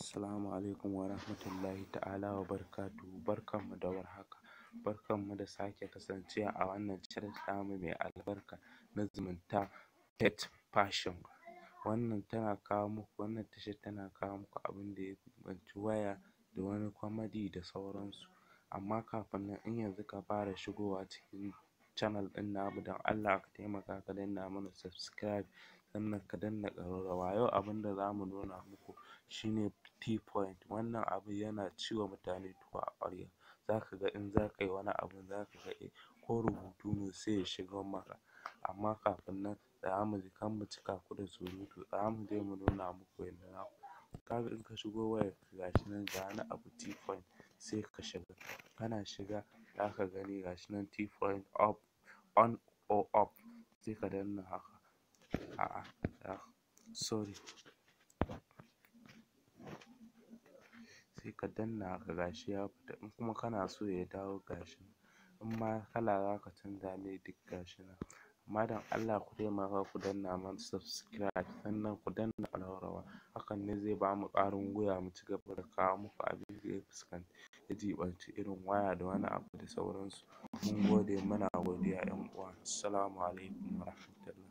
Assalamu alaikum wa ta'ala wa barkatu. mu da warhaka. Barkanmu da sake kasancewa a wannan shirin mai albarka na zumunta pet fashion Wannan tana kawo muku, wannan tashar tana kawo muku abin da ya danganci waya da wani comedy da sauransu. Amma kafin nan in yanzu ka fara shigowa cikin channel ɗin namu don Allah ka taimaka ka danna mana subscribe sannan ka danna ƙararrawa. Yau abin da za mu nuna muku shine tea point wannan abun yana ciwa mutane duka a ƙwarya zaka ga in zakai wani abun zaka ga eh ko rubutu ne sai ya shigan maka amma kafin nan zamu mu ji kar mu cika ku da surutu zamu mu je mu nuna muku yanda zaku kaga in ka shigo wayar ga shi nan ga wani abu tea point sai ka shiga kana shiga zaka gani ga shi nan tea point off on or off sai ka danna haka a'a sorry sai ka danna haka gashi ya fita in kuma kana so ya dawo gashi in ma kala zaka canza mai duk gashi nan amma don Allah ku taimaka ku danna mana subscribe sannan ku danna ƙararrawa hakan ne zai bamu ƙwarin gwiwa mu cigaba da kawo muku abin da ya fuskanci ya jiɓanci irin waya da wani abu da sauransu mun gode muna godiya ƴan uwa assalamu alaikum warahmatullahi